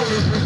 Thank you.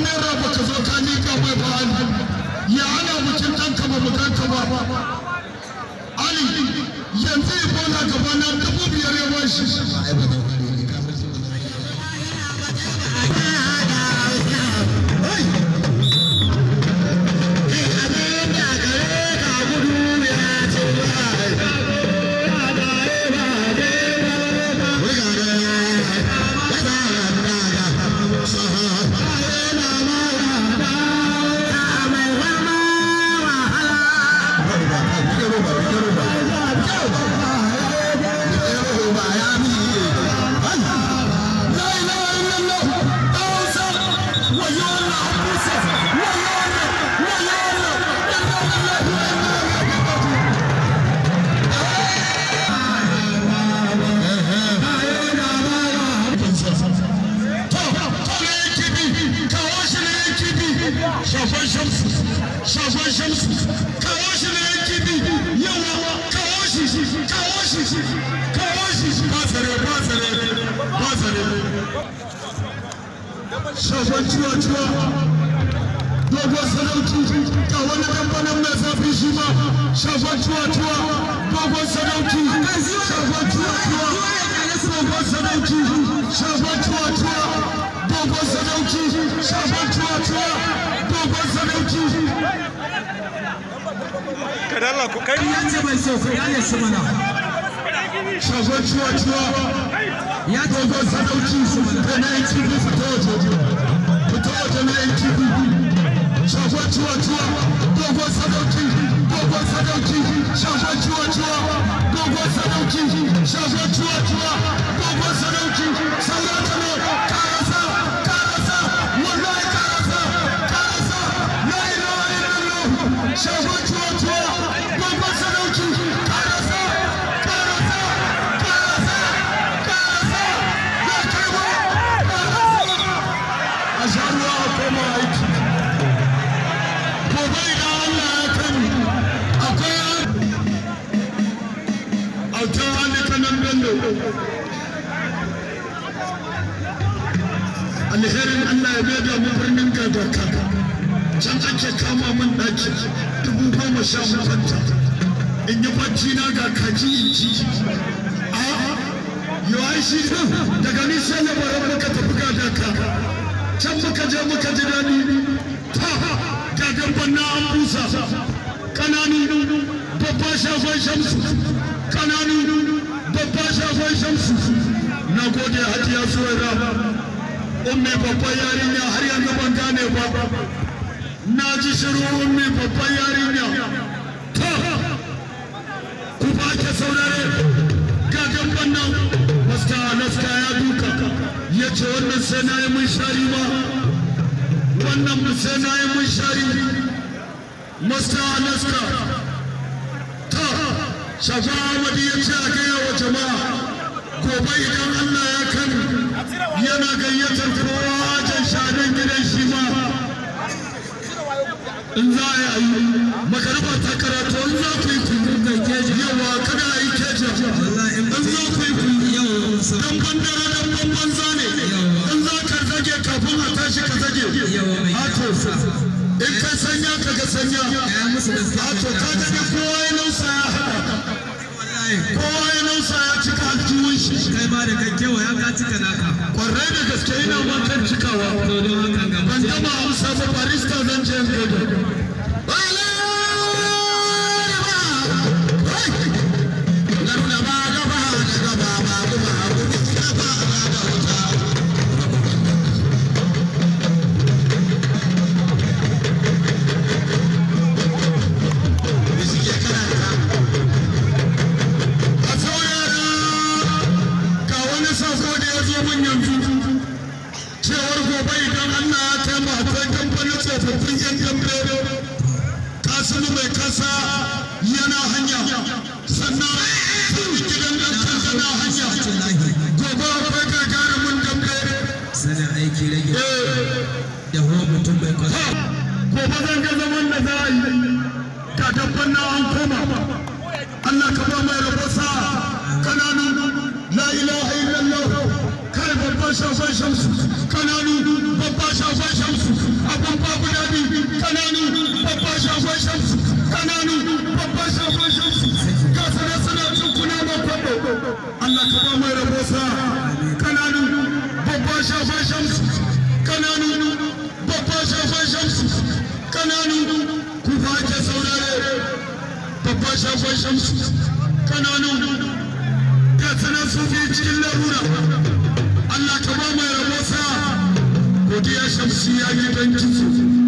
naira ba ka zo ka miƙa mai ba Ali ya hana bikin ɗanka ba mu ganka ba Ali yanzu ya bola gaba na dubu biyar ya ba shi. malam kawo shi na yanki bi yawa kawo shi kawo shi kawo shi ba tsare ba tsare ba tsare shagon ciwa ciwa dogon sadauki ga wani kamfanin mai zafi shi ma shagon ciwa ciwa dogon sadauki shagon ciwa ciwa dogon sadauki shagon ciwa ciwa dogon sadauki shagon ciwa ciwa dogon sadauki Allah ku kai ya ce bai so ku yale shi mana shago ciwa ciwa ya ce go sadauci su fita na yin cibi fita waje fita waje na yin cibi shago ciwa ciwa dogo sadauci dogo sadauci shago ciwa ciwa dogo sadauci shago ciwa ciwa dogo ya mai da mu birnin gadarka can ake kama min ɗaki dubu goma sha mafanta in yi bacci na ga kaji in ci a yawai shi daga ni sai labaran muka tafi gadarka can muka je muka ji daɗi ta gadan banna an busa kananu babba shafan shamsu kananu babba shafan shamsu na gode hajiya suwaira ummi babban yarinya har yanzu ban gane ba na ji shiru ummi babban yarinya ta ku ba ke saurare ga gamban nan wasta alaska ya duka ya ce wannan sai na yi shari ba wannan sai na yi shari. masta alaska ta shafa amadi ya ce a gaya wa jama'a gobe idan allah ya kanu muna gayyatar kowa wajen shanen gidan shi ma in za a yi magarba ta karatu in za ku yi kundu yawa kada a yi kejin in za ku yi kundu dan bandara dan bamban zane in za ka zage kafin a tashi ka zage ato in ka sanya ka ga sanya ato ka ga kowa ya nausa kowa ya nausa ya cika aljiwun shi kai ma da kan kewaya ka cika naka kwarai da gaske ina ma kan cikawa ban gama amsa ba barista zan je gado abun yanzu cewar gobe idan Allah ya kai mu akwai kamfanin tsofaffin yan dambe kasimu mai kasa yana hanya sannan gidan dan kasa na hanya gobe akwai gagarumin dambe sanin aiki rage eh. da ho mutum mai kasa gobe zan ga zaman na za a yi ga dabban na an koma Allah ka ba mai rabu shamsu kananu babban shagon shamsu ga sana suna cin kuna kwado Allah ka ba mai rabo sa kananu babban shamsu kananu babban shamsu kananu ku saurare babban shamsu kananu ga cikin larura Allah ka ba mai rabo sa godiya shamsu ya gidan jinsu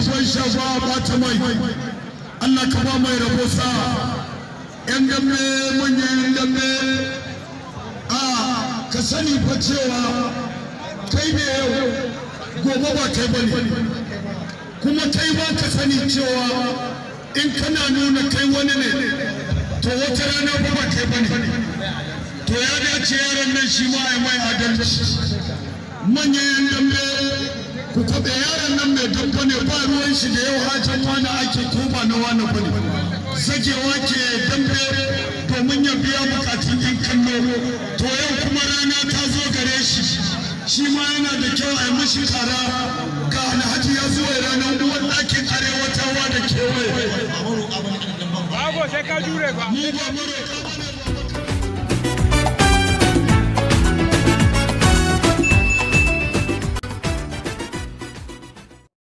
sabon shaba ba ta mai Allah ka ba mai rabo sa yan dambe manyan gambe a ka sani fa cewa kai ne gobe ba kai ba ne kuma kai ba ka sani cewa in kana nuna kai wani ne to wata rana ba ba kai ba ne to ya dace yaran nan shi ma ya mai adalci manyan gambe ku taɓa yaron nan mai dabba ne ba ruwan shi da yau hajin kwana ake tuba na wani bane zagewa ke dambe domin ya biya bukatun yan kallo to yau kuma rana ta zo gare shi shi ma yana da kyau a yi mashi kara ga alhaji ya zo ranar uwar ɗakin arewa ta da kewaye.